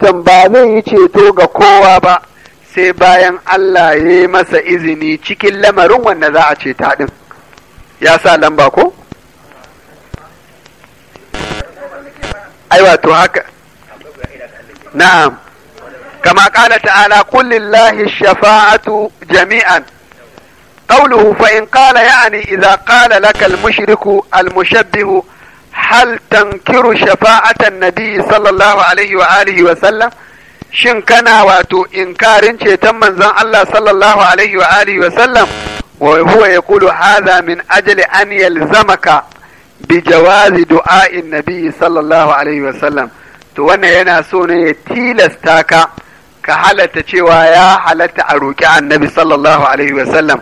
Idan ba zai yi ceto ga kowa ba sai bayan Allah ya yi masa izini cikin lamarin wanda za a ceta ɗin ya sa lamba ko? wato haka na'am kama ƙala ta'ala kullillahi shafa'atu jami'an in ƙala ya'ani يعني إذا lakal mushiriku al-mushabbihu. hal tankiru shafa'atan nabi sallallahu alaihi wa alihi wa sallam shin kana wato inkarin ceton manzon Allah sallallahu alaihi wa alihi wa sallam wa huwa yaqulu hadha min ajli an yalzamaka bi jawazi du'a'in nabi sallallahu alaihi wa sallam to wannan yana so ne ya tilasta ka ka halarta cewa ya halarta a roƙi annabi sallallahu alaihi wa sallam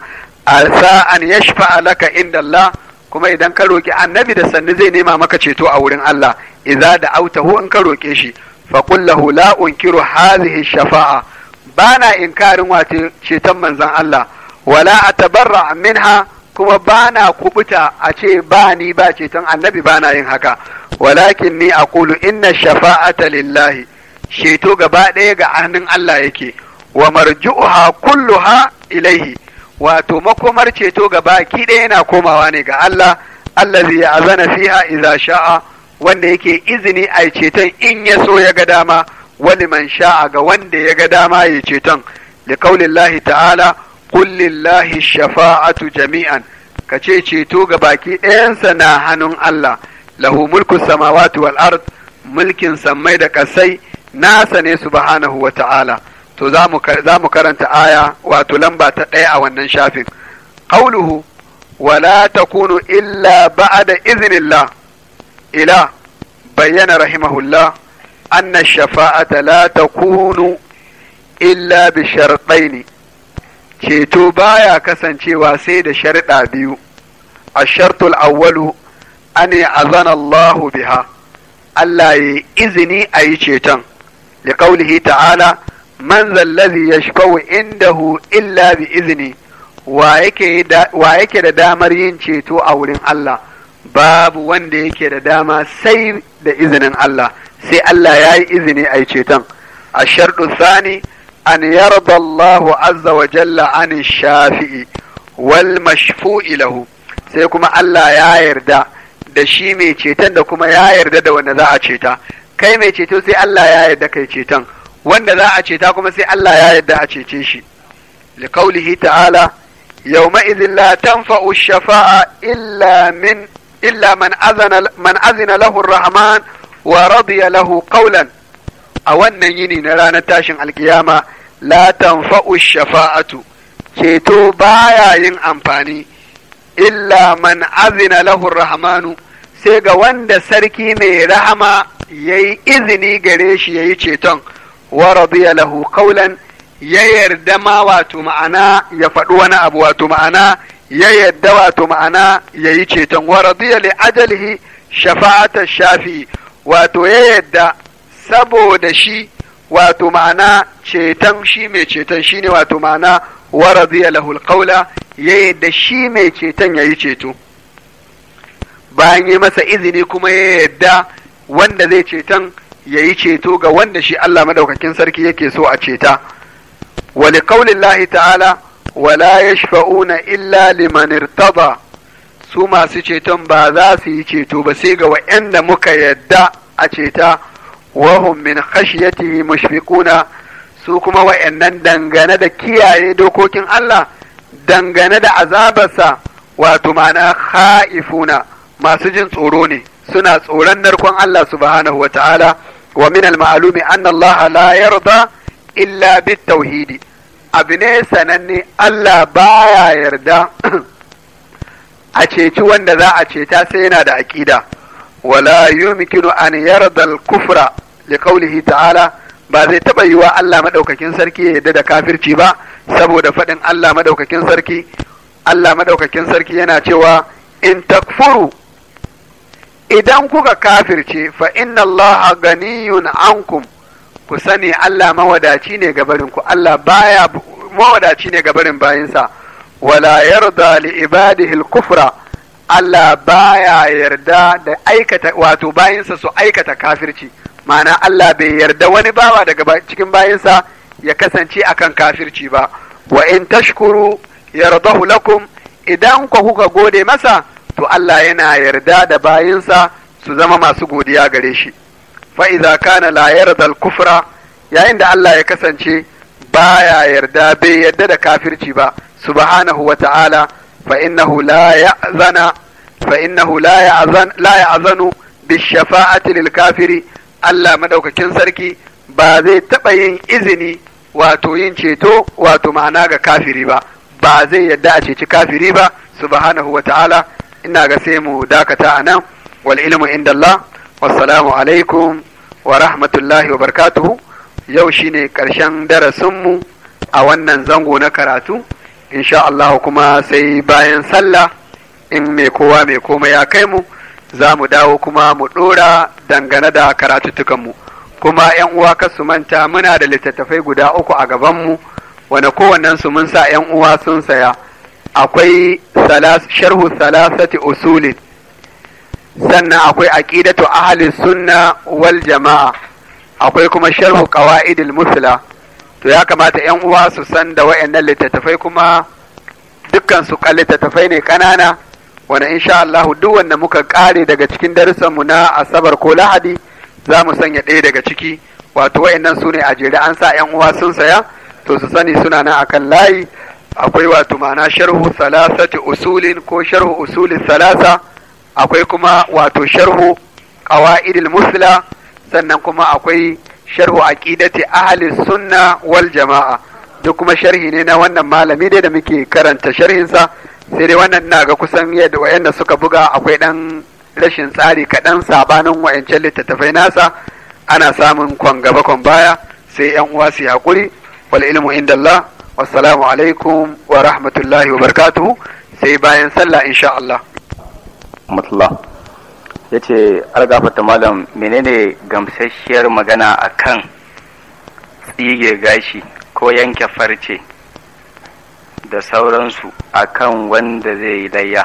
an yashfa laka inda Allah kuma idan ka roki annabi da sannu zai nema maka ceto a wurin Allah idza da auta hu in ka roƙe shi fa qul lahu la unkiru hadhihi shafa'a bana inkarin wace ceton manzon Allah wala atabarra minha kuma bana kubuta a ce ba ni ba ceton annabi bana yin haka walakin ni aqulu inna shafa'ata lillahi ceto gaba ɗaya ga hannun Allah yake wa marju'uha kulluha ilaihi wato makomar ceto ga baki ɗaya yana komawa ne ga Allah Allah zai ya azana fiha iza sha'a wanda yake izini a ceton in ya so ya ga dama wani man sha'a ga wanda ya ga dama ya ceton liqaulillahi ta'ala qul shafa'atu jami'an kace ceto ga baki ɗayansa na hannun Allah lahu mulku samawati wal ard mulkin sammai da kasai nasa ne subhanahu wa ta'ala to za mu karanta aya wato lamba ta ɗaya a wannan shafin ƙauluhu wala takunu illa ba'da iznillah ila bayyana rahimahullah anna shafa'ata la takunu illa bi ne. ceto baya kasancewa sai da sharɗa biyu ashartul awwalu an azana Allahu biha Allah ya izini a yi ceton ƙaulihi ta'ala man zallazi yashfa'u indahu illa bi izini. wa yake da damar yin ceto a wurin Allah babu wanda yake da dama sai da izinin Allah sai Allah ya yi izini a ceton a sharɗu sani an yarda Allahu azza wa jalla an shafi'i wal mashfu'i lahu sai kuma Allah ya yarda da shi mai ceton da kuma ya yarda da wanda za a ceta kai mai ceto sai Allah ya yarda kai ceton wanda za a ceta kuma sai Allah ya yarda a cece shi Kaulihi ta'ala yawma idhin la tanfa'u shafa'a illa min illa man azana man azina lahu ar-rahman wa radiya lahu qawlan a wannan yini na ranar tashin alkiyama la tanfa'u shafa'atu ceto baya yin amfani illa man azina lahu rahmanu sai ga wanda sarki mai rahama yayi izini gare shi yayi ceton wa radiya lahu ya yarda ma wato ma'ana ya faɗi wani abu wato ma'ana ya yarda wato ma'ana ya yi ceton wa radiya li ajalihi shafa'ata shafi wato ya yarda saboda shi wato ma'ana ceton shi mai ceton shi ne wato ma'ana wa radiya lahu ya yarda shi mai ceton ya yi ceto bayan ya masa izini kuma ya yarda wanda zai ceton ya yi ceto ga wanda shi Allah madaukakin sarki yake so a ceta wali kaulillahi ta'ala wala yashfa'una illa liman irtada su masu ceton ba za su yi ceto ba sai ga wa'anda muka yadda a ceta wa hum min khashyatihi mushfiquna su kuma wayannan dangane da kiyaye dokokin Allah dangane da azabarsa wato ma'ana ha'ifuna masu jin tsoro ne suna tsoron narkon Allah subhanahu wa ta'ala wa min al annallaha anna Allah la yarda illa bit-tauhid abu sananne Allah baya yarda a ceci wanda za a ceta sai yana da aƙida wala yumkinu an yarda al-kufra liqawlihi ta'ala ba zai taɓa yiwa Allah maɗaukakin sarki ya yarda da kafirci ba saboda faɗin Allah Allah maɗaukakin sarki yana cewa in takfuru idan kuka kafirce fa inna allaha ganiyun ankum ku sani Allah mawadaci ne gabarin ku Allah baya mawadaci ne gabarin bayinsa wala yarda li ibadihi al-kufra Allah baya yarda da aikata wato bayinsa su aikata kafirci ma'ana Allah bai yarda wani bawa daga cikin bayinsa ya kasance akan kafirci ba wa in tashkuru yardahu lakum idan ku kuka gode masa to Allah yana yarda da bayinsa su zama masu godiya gare shi fa idza kana la yarda kufra yayin da Allah ya kasance baya yarda bai yarda da kafirci ba subhanahu wa ta'ala fa la ya'zana fa innahu la ya'zan la ya'zanu bi shafa'ati lil kafiri Allah madaukakin sarki ba zai taɓa yin izini wato yin ceto wato ma'ana ga kafiri ba ba zai yarda a ceci kafiri ba subhanahu wa ta'ala ina ga sai mu dakata a nan wal ilmu inda Allah wassalamu alaikum wa rahmatullahi wa barkatuhu yau shine karshen darasinmu a wannan zango na karatu insha Allah kuma sai bayan sallah in mai kowa mai komai ya kai mu za mu dawo kuma mu ɗora dangane da karatutukanmu kuma ‘yan uwa su manta muna da littattafai guda uku a gabanmu wane kowannensu su mun sa ‘yan uwa sun saya akwai sharhu salasati usulin sannan akwai aqidatu ahli sunna wal jama'a akwai kuma sharhu qawaidil musla to ya kamata yan uwa su san da wayannan littattafai kuma dukkan su littattafai ne kanana wanda insha Allah duk wanda muka kare daga cikin darussan mu na asabar ko lahadi za mu sanya ɗaya daga ciki wato wayannan su ne a jere an sa yan uwa sun saya to su sani suna nan akan layi akwai wato ma'ana sharhu salasati usulin ko sharhu usulin salasa akwai kuma wato sharhu qawaidil musla sannan kuma akwai sharhu aqidati ahli sunna wal jama'a duk kuma sharhi ne na wannan malami dai da muke karanta sharhinsa sai dai wannan na ga kusan yadda wayanda suka buga akwai dan rashin tsari kaɗan sabanin wayancan littattafai nasa ana samun kwan gaba kwan baya sai yan uwa su haƙuri wal ilmu inda wassalamu alaikum wa rahmatullahi wa barkatu sai bayan sallah insha Allah rahmatullah ya ce algafata malam menene gamsasshiyar magana a kan tsige gashi ko yanke farce da sauransu akan wanda zai yi layya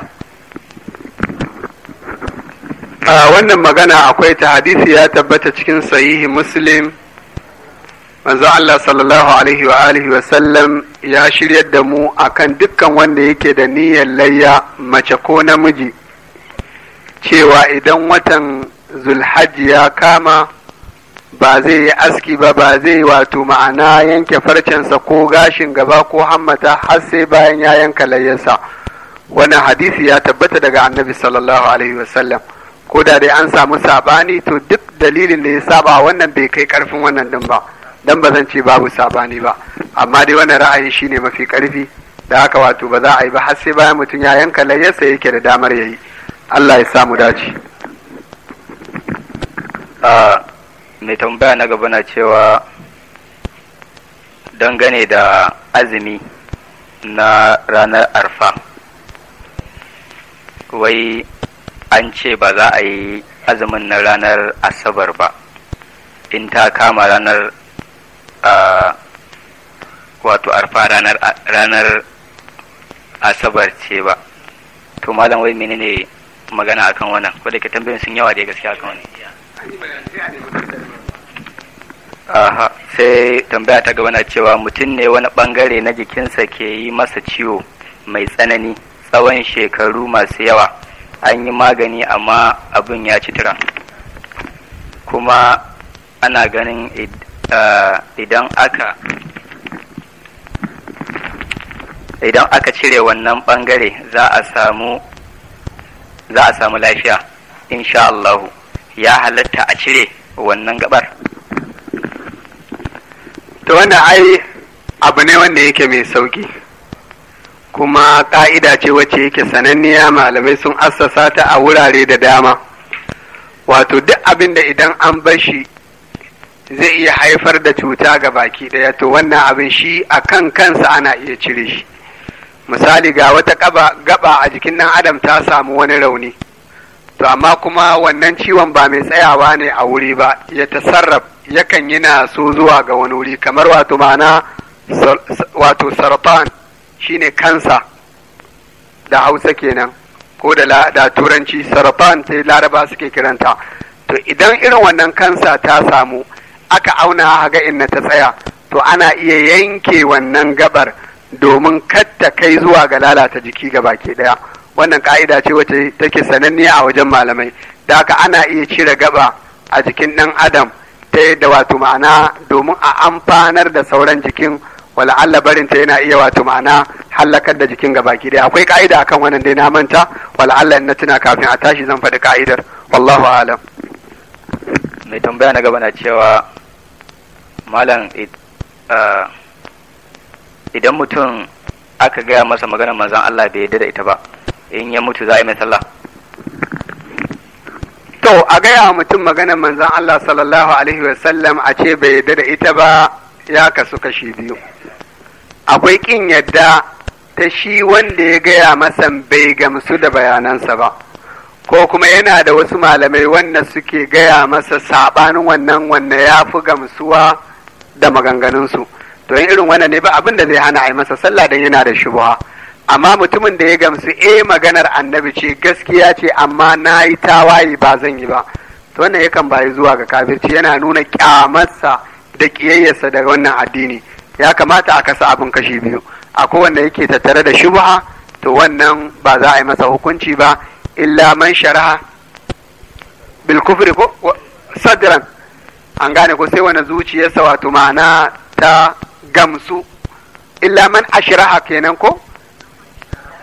wannan magana akwai ta hadisi ya tabbata cikin sahihi muslim manzo Allah sallallahu alaihi wa alihi wa sallam ya shiryar da mu akan dukkan wanda yake da niyyar layya mace ko namiji cewa idan watan zulhajji ya kama ba zai yi aski ba ba zai wato ma'ana yanke farcensa ko gashin gaba ko hammata har sai bayan ya yanka layyarsa wannan hadisi ya tabbata daga annabi sallallahu alaihi wa sallam ko da dai an samu sabani to duk dalilin da ya saba wannan bai kai karfin wannan din ba dan ba zan ce babu sabani ba amma dai wannan ra'ayi shine mafi karfi da haka wato ba za a yi ba har sai bayan mutum ya yanka layyarsa yake da damar yayi Allah ya samu dace mai tambaya na gaba na cewa dangane da azumi na ranar arfa wai an ce ba za a yi azumin na ranar asabar ba in ta kama ranar a wato arfa ranar ranar asabar ce ba to malam wai menene magana akan wannan ko da ke tambayoyin sun yawa da gaskiya akan wannan aha sai tambaya ta gaba na cewa mutum ne wani bangare na jikinsa ke yi masa ciwo mai tsanani tsawon shekaru masu yawa an yi magani amma abin ya ci tura kuma ana ganin idan aka cire wannan bangare za a samu za a samu lafiya insha Allah ya halatta a cire wannan gabar to wannan ai abu ne wanda yake mai sauki kuma ƙa'ida ce wacce yake sananniya malamai sun assasa ta a wurare da dama wato duk abin da idan an bar shi zai iya haifar da cuta ga baki ɗaya, to wannan abin shi a kan kansa ana iya cire shi misali ga wata gaba a jikin ɗan adam ta samu wani rauni to amma kuma wannan ciwon ba mai tsayawa ne a wuri ba ya tasarraf yakan yi na so zuwa ga wani wuri kamar wato ma'ana wato sarfan shine kansa da hausa kenan ko da da turanci sarfan sai laraba suke kiranta to idan irin wannan kansa ta samu aka auna ga inna ta tsaya to ana iya yanke wannan gabar domin katta kai zuwa ga lalata jiki ga baki daya wannan ka'ida ce wacce take sananniya a wajen malamai da haka ana iya cire gaba a jikin ɗan adam ta yadda wato ma'ana domin a amfanar da sauran jikin wala'alla barin ta yana iya wato ma'ana hallakar da jikin ga baki daya akwai ka'ida akan wannan dai na manta wala'alla in na tuna kafin a tashi zan faɗi ka'idar wallahu alam mai tambaya na gaba na cewa malam uh, idan mutum aka gaya masa magana manzan Allah bai yadda da ita ba in ya mutu za a yi mai sallah to a gaya mutum magana manzan Allah sallallahu alaihi wasallam a ce bai yadda da ita ba ya kasu kashi biyu akwai kin yadda ta shi wanda ya gaya masa bai gamsu da bayanansa ba ko kuma yana da wasu malamai wanda suke gaya masa saɓanin wannan wannan ya fi gamsuwa da maganganunsu to yin irin wannan ne ba abin da zai hana a yi masa sallah dan yana da shubuha amma mutumin da ya gamsu eh maganar annabi ce gaskiya ce amma na yi tawaye ba zan yi ba to wannan yakan bayi zuwa ga kafirci yana nuna kyamarsa da kiyayyarsa da wannan addini ya kamata a kasa abin kashi biyu a kowanne yake tattare da shubuha to wannan ba za a yi masa hukunci ba illa man shara bil ko sadran an gane ko sai wani zuciyarsa wato ma'ana ta gamsu illa man ashiraha kenan ko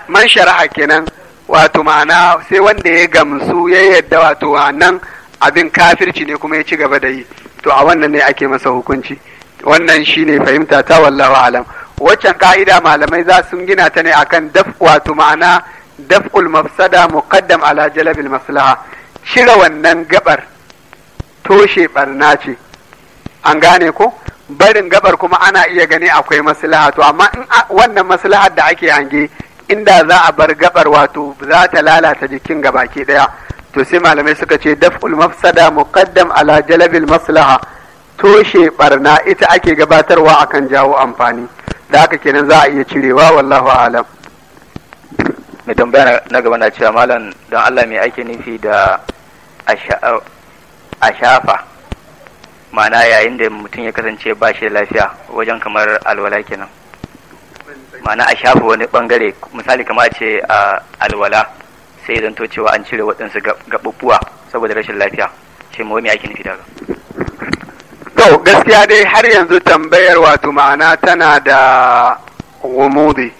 man kenan wato ma'ana sai wanda ya gamsu ya yadda wato nan abin kafirci ne kuma ya ci gaba da yi to a wannan ne ake masa hukunci wannan shine fahimta ta wallahu alam waccan ka'ida malamai za su gina ta ne akan daf wato ma'ana daf'ul mafsada muqaddam ala jalabil maslaha cire wannan gabar toshe barna ce an gane ko barin gabar kuma ana iya gani akwai maslaha to amma in wannan maslahar da ake hange inda za a bar gabar wato za ta lalata jikin gaba ke daya to sai malamai suka ce daf'ul mafsada muqaddam ala jalabil maslaha toshe barna ita ake gabatarwa akan jawo amfani da haka kenan za a iya cirewa wallahu alam mai tambaya na gaba na cewa malam don Allah mai ake nufi da a shafa ma'ana yayin da mutum ya kasance ba shi da lafiya wajen kamar alwala kenan ma'ana a shafa wani bangare misali a ce a alwala sai zan to cewa an cire waɗansu gaɓuɓɓuwa saboda rashin lafiya shi mu wani ake nufi to gaskiya dai har yanzu tambayar wato ma'ana tana da gumudi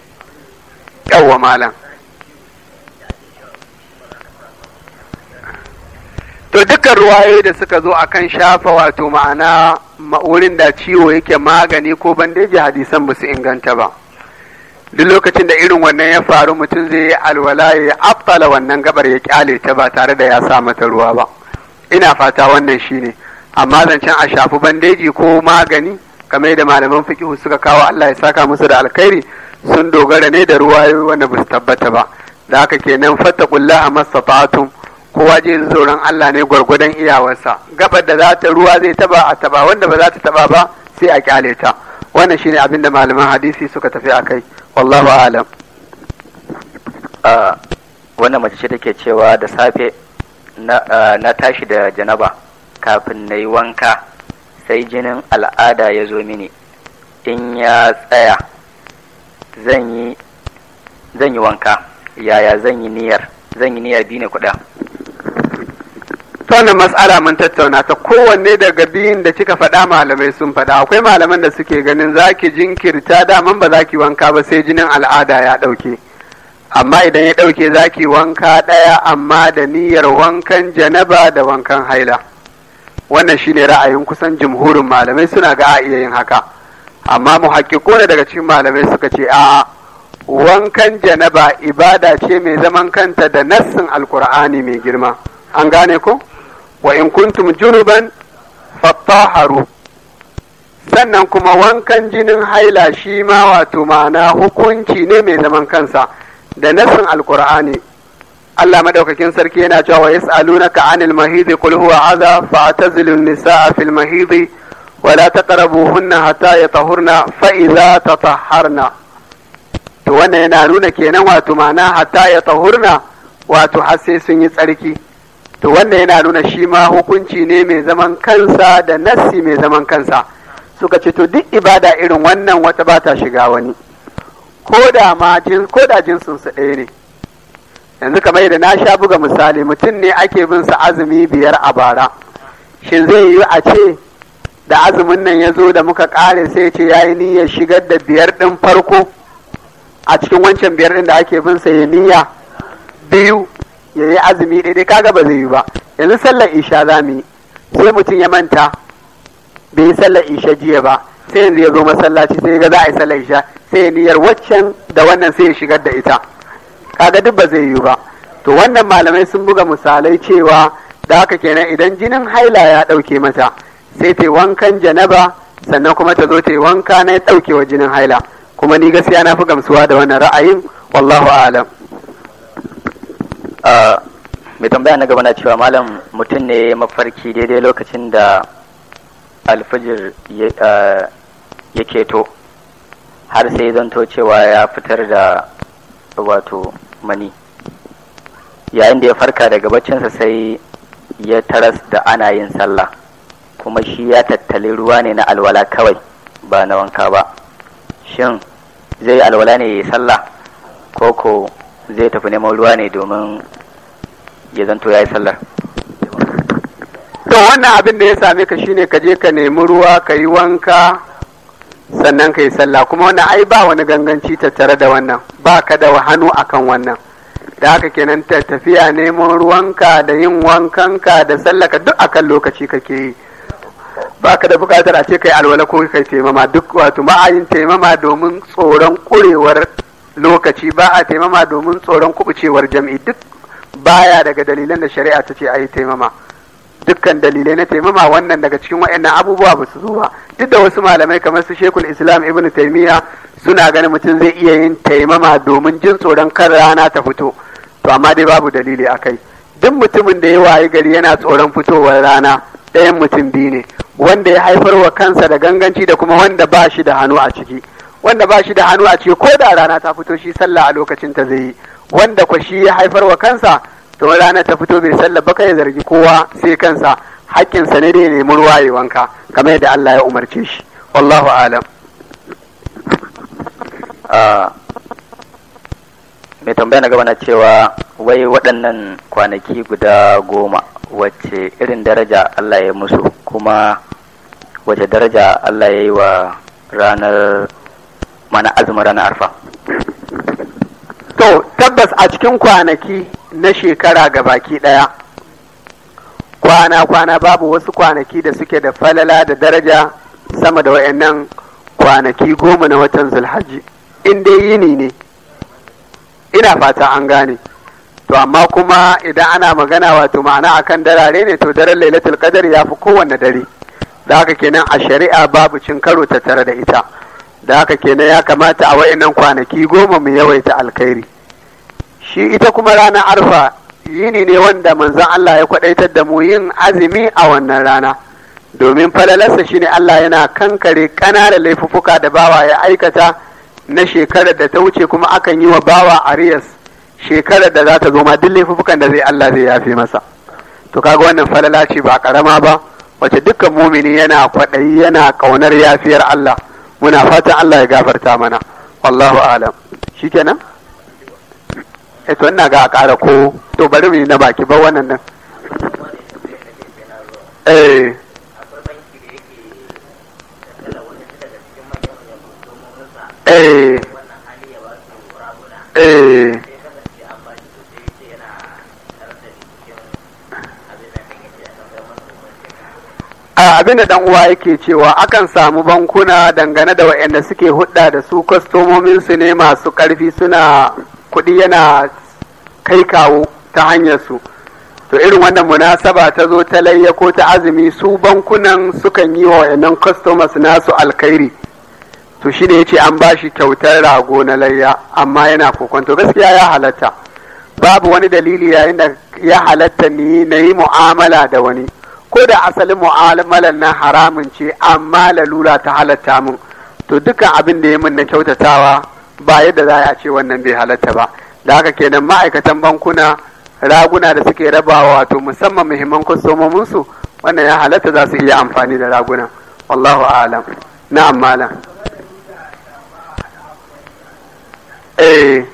yawwa malam to dukkan ruwaye da suka zo akan shafa wato ma'ana ma'urin da ciwo yake magani ko bandeji hadisan ba su inganta ba duk lokacin da irin wannan ya faru mutum zai yi alwala ya abtala wannan gabar ya kyale ta ba tare da ya sa mata ruwa ba ina fata wannan shine amma zancen a shafi bandeji ko magani kamar da malaman fikihu suka kawo Allah ya saka musu da alkhairi sun dogara ne da ruwayoyi wanda ba su tabbata ba da haka kenan fattaqullaha fatun. kowa je sauran Allah ne gwargwadon iyawarsa gabar da za ta ruwa zai taba a taba wanda ba za ta taba ba sai a kyale ta wannan shine abin da malaman hadisi suka tafi a kai wallahu alam wannan mace ce take cewa da safe na tashi da janaba kafin na yi wanka sai jinin al'ada ya zo mini in ya tsaya zan yi wanka yaya zan yi niyyar zan yi niyyar biyu ne kuɗa wannan matsala mun tattauna ta kowanne daga biyun da kika faɗa malamai sun faɗa akwai malaman da suke ganin za ki jinkirta daman ba za ki wanka ba sai jinin al'ada ya ɗauke amma idan ya ɗauke za ki wanka ɗaya amma da niyyar wankan janaba da wankan haila wannan shine ra'ayin kusan jumhurin malamai suna ga a iya yin haka amma mu ne daga cikin malamai suka ce a'a wankan janaba ibada ce mai zaman kanta da nassin alkur'ani mai girma an gane ko wa in kuntum junuban sannan kuma wankan jinin haila shi ma wato ma'ana hukunci ne mai zaman kansa da nasin alkur'ani Allah madaukakin sarki yana cewa wa yas'alunaka anil mahidi qul huwa adha fa'tazilu nisaa fil mahidi wa la taqrabuhunna hatta yatahurna fa idza tatahharna to wannan yana nuna kenan wato ma'ana hatta yatahurna wato har sai sun yi tsarki to wannan yana nuna shi ma hukunci ne mai zaman kansa da nassi mai zaman kansa suka ce to duk ibada irin wannan wata ba ta shiga wani ko da ma ko da jinsin su ɗaya ne yanzu kamar yadda na sha buga misali mutum ne ake bin sa azumi biyar a bara shin zai yi a ce da azumin nan ya zo da muka kare sai ce ya yi niyyar shigar da biyar din farko a cikin wancan biyar din da ake bin sa ya niyya biyu ya yi azumi daidai kaga ba zai yi ba yanzu sallar isha za mu yi sai mutum ya manta bai yi sallar isha jiya ba sai yanzu ya zo masallaci sai ga za a yi sallar isha sai ya niyyar waccan da wannan sai ya shigar da ita kaga duk ba zai yi ba to wannan malamai sun buga misalai cewa da haka kenan idan jinin haila ya ɗauke mata sai ta wankan janaba sannan kuma ta zo ta wanka na ya ɗaukewa jinin haila kuma ni gaskiya na fi gamsuwa da wannan ra'ayin wallahu alam mai tambaya na gaba na cewa malam mutum ne mafarki daidai lokacin da alfijir ya keto har sai zanto cewa ya fitar da wato mani yayin da ya farka daga baccinsa sai ya taras da ana yin sallah kuma shi ya tattali ruwa ne na alwala kawai ba na wanka ba shin zai alwala ne ya sallah ko ko zai tafi neman ruwa ne domin ya zanto ya yi sallar to wannan abin da ya same ka shine ka je ka nemi ruwa ka yi wanka sannan ka yi sallah kuma wannan ai ba wani ganganci tattare da wannan ba ka da hannu akan wannan da haka kenan tafiya neman ruwanka da yin wankanka da sallaka duk akan lokaci kake yi ba ka da bukatar a ce kai alwala ko kai taimama duk wato ba a yin taimama domin tsoron kurewar lokaci ba a taimama domin tsoron kubucewar jam'i duk baya daga dalilan da shari'a ta ce a yi taimama dukkan dalilai na taimama wannan daga cikin waɗannan abubuwa ba su zo ba duk da wasu malamai kamar su shekul islam ibn Taimiya suna ganin mutum zai iya yin taimama domin jin tsoron kan rana ta fito to amma dai babu dalili a kai duk mutumin da ya wayi gari yana tsoron fitowar rana ɗayan mutum biyu ne wanda ya haifar wa kansa da ganganci da kuma wanda ba shi da hannu a ciki wanda ba shi da hannu a ciki ko da rana ta fito shi sallah a lokacin ta zai yi wanda kwashi shi ya haifar wa kansa to rana ta fito bai sallaba baka ya zargi kowa sai kansa hakkinsa ne dai nemi ruwa ya wanka kamar yadda Allah ya umarce shi wallahu alam ah, mai tambaya na gaba na cewa wai waɗannan kwanaki guda goma wacce irin daraja Allah ya musu kuma wace daraja Allah ya yi wa ranar mana azumin ranar arfa tabbas a cikin kwanaki na shekara ga baki ɗaya kwana-kwana babu wasu kwanaki da suke da falala da daraja sama da wayannan kwanaki goma na watan Zulhaji. in dai yini ne ina fata an gane to amma kuma idan ana magana wato ma'ana akan darare ne to daren lailatul kadar ya fi kowanne dare da haka kenan a shari'a babu cin karo ta tare da ita da haka kenan ya kamata a wayannan kwanaki goma mu yawaita alkhairi shi ita kuma ranar arfa yini ne wanda manzon Allah ya kwadaitar da mu yin azumi a wannan rana domin falalarsa shine Allah yana kankare ƙananan laifuka da bawa ya aikata na shekarar da ta wuce kuma akan yi wa bawa arias shekarar da za ta zo ma duk laifukan da zai Allah zai yafe masa to kaga wannan falala ce ba karama ba wace dukkan mumini yana kwaɗayi yana ƙaunar yafiyar Allah muna fatan Allah ya gafarta mana wallahu alam shikenan eh to ina ga a ƙara ko to bari mu yi na baki ba wannan nan eh eh, eh. abinda dan uwa yake cewa akan samu bankuna dangane da waɗanda suke hudda da su kwastomomin su ne masu karfi suna kuɗi yana kai kawo ta hanyar su to irin wannan munasaba ta zo ta layya ko ta azumi su bankunan sukan yi wa wayannan customers nasu alkhairi to shi ne ya ce an ba shi kyautar rago na layya amma yana kokonto gaskiya ya halatta babu wani dalili yayin da ya halatta ni na mu'amala da wani ko da asalin mu'amalar na haramun ce amma lalula ta halatta mun to dukkan abin da ya min na kyautatawa ba yadda za a ce wannan bai halatta ba da haka kenan ma'aikatan bankuna raguna da suke rabawa wato musamman muhimman kwastomomin su wannan ya halatta za su iya amfani da raguna wallahu alam na'am malam eh.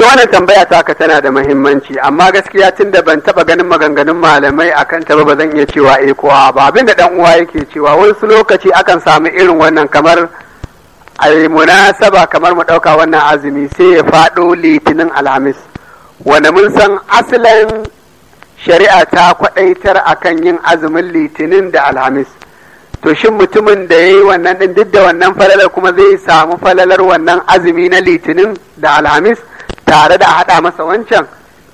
to wannan tambaya ta ka tana da muhimmanci amma gaskiya tun da ban taba ganin maganganun malamai a kanta ba zan iya cewa eh ko ba abin da dan uwa yake cewa wasu lokaci akan samu irin wannan kamar ai munasaba kamar mu dauka wannan azumi sai ya fado litinin alhamis wanda mun san asalin shari'a ta kwadaitar akan yin azumin litinin da alhamis to shin mutumin da ya yi wannan din duk da wannan falalar kuma zai samu falalar wannan azumi na litinin da alhamis tare da a haɗa masa wancan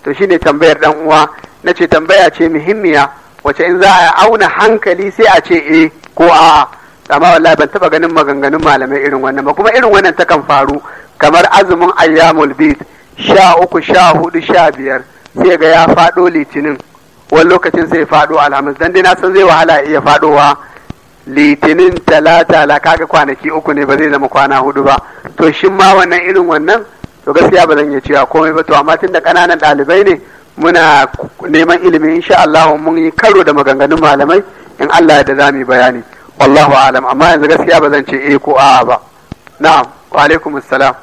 to shine tambayar dan uwa na ce tambaya ce muhimmiya wace in za a auna hankali sai a ce eh ko a'a amma wallahi ban taba ganin maganganun malamai irin wannan ba kuma irin wannan takan faru kamar azumin ayyamul bid sha uku sha hudu sha biyar sai ga ya faɗo litinin wani lokacin sai faɗo alhamis dan dai na san zai wahala iya faɗowa litinin talata la kaga kwanaki uku ne ba zai zama kwana hudu ba to shin ma wannan irin wannan to gaskiya ba zan iya cewa komai ba to amma tun da ƙananan ɗalibai ne muna neman ilimi insha Allah mun yi karo da maganganun malamai in Allah da za mu bayani wallahu alam amma yanzu gaskiya ba zan ce eh ko a'a ba na'am wa alaikum assalam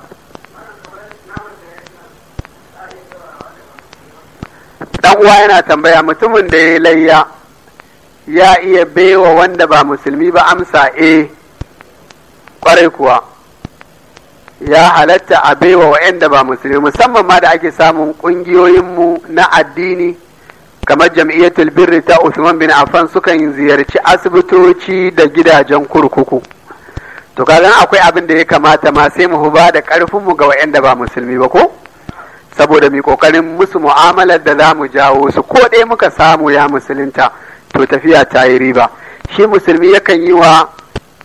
dan uwa yana tambaya mutumin da ya layya ya iya baiwa wanda ba musulmi ba amsa eh kwarai kuwa ya halatta a baiwa wa'anda ba musulmi musamman ma da ake samun ƙungiyoyinmu na addini kamar jam'iyyatul birri ta Usman bin Affan sukan ziyarci asibitoci da gidajen kurkuku to kaga akwai abin da ya kamata ma sai mu ba da ƙarfinmu ga wa'anda ba musulmi ba ko saboda mu kokarin musu mu'amalar da za mu jawo su ko ɗaya muka samu ya musulunta to tafiya ta yi riba shi musulmi yakan yi wa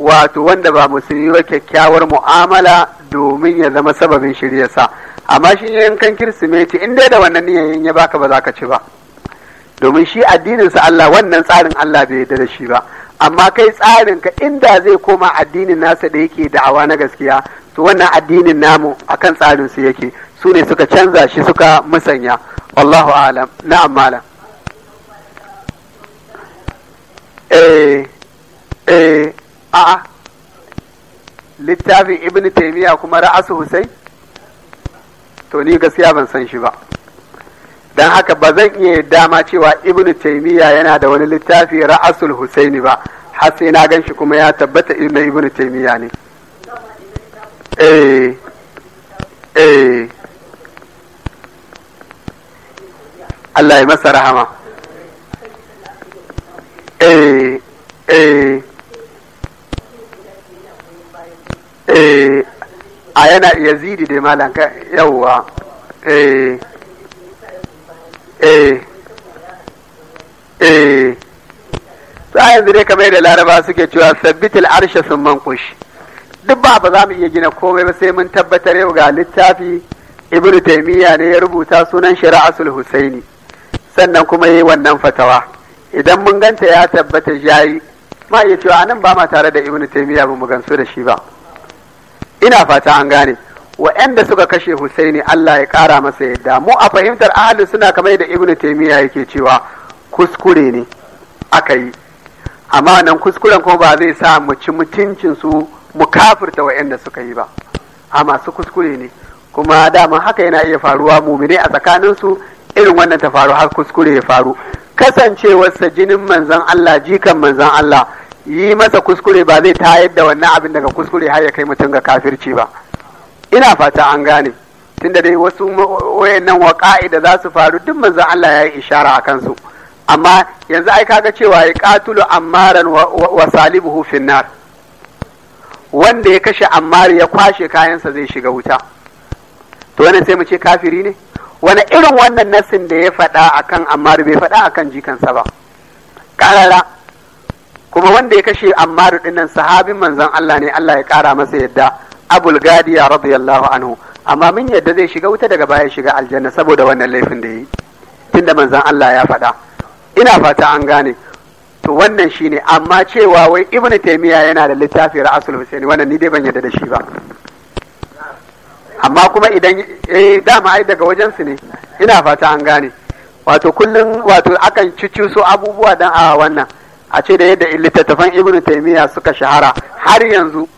wato wanda ba musulmi ba kyakkyawar mu'amala domin ya zama sababin shiryarsa amma shi yankan kirsimeti in dai da wannan niyan ya baka ba za ka ci ba domin shi addininsa Allah wannan tsarin Allah bai yarda da shi ba amma kai tsarin ka inda zai koma addinin nasa da yake da'awa na gaskiya to wannan addinin namu akan tsarin su yake su ne suka canza shi suka musanya wallahu alam na'am malam eh eh a'a littafin ibn taimiyya kuma ra'asu husai to ni gaskiya ban san shi ba don haka ba zan iya dama cewa ibn taimiyya yana da wani littafi ra'asul ba har sai na gan shi kuma ya tabbata na ibn taimiyya ne eh eh Allah ya masa rahama eh eh Eh, a yana yazidi da malanka yawwa eh, eh eh Za a yanzu dai kamar da laraba suke cewa sabbitul arsha sun mankush duk ba ba za mu iya gina komai ba sai mun tabbatar yau ga littafi ibn taimiyya ne ya rubuta sunan shari'asul husaini sannan kuma yi wannan fatawa idan mun ganta ya tabbata jayi ma iya cewa anan ba ma tare da ibn taimiyya ba mu gansu da shi ba ina fata an gane wa'anda suka kashe Husaini Allah ya kara masa yadda mu a fahimtar ahalin suna kamar da ibnu Taymiyyah yake cewa kuskure ne aka yi amma nan kuskuren kuma ba zai sa mu ci mutuncin su mu kafirta wa'anda suka yi ba a masu kuskure ne kuma dama haka yana iya faruwa mumine a tsakanin su irin wannan ta faru har kuskure ya faru kasancewarsa jinin manzon Allah jikan manzon Allah yi masa kuskure ba zai tayar da wannan abin daga kuskure har ya kai mutum ga kafirci ba ina fata an gane tunda dai wasu wayannan waƙa'i da za su faru duk manzon Allah ya yi ishara a kansu amma yanzu ai kaga cewa ya katulu ammaran wa salibuhu finnar wanda ya kashe ammar ya kwashe kayansa zai shiga wuta to wannan sai mu ce kafiri ne wani irin wannan nasin da ya faɗa akan ammar bai faɗa akan jikansa ba ƙarara kuma wanda ya kashe Ammar dinnan sahabin manzon Allah ne Allah ya kara masa yadda Abul Gadiya radiyallahu anhu amma mun yadda zai shiga wuta daga baya shiga aljanna saboda wannan laifin da yi tunda manzon Allah ya faɗa ina fata an gane to wannan shine amma cewa wai Ibn Taymiyyah yana da littafi ra'sul Husaini wannan ni dai ban yadda da shi ba amma kuma idan eh dama ai daga wajen su ne ina fata an gane wato kullum wato akan cicciso abubuwa dan a wannan a ce da yadda littattafan ibn taimiyya suka shahara har yanzu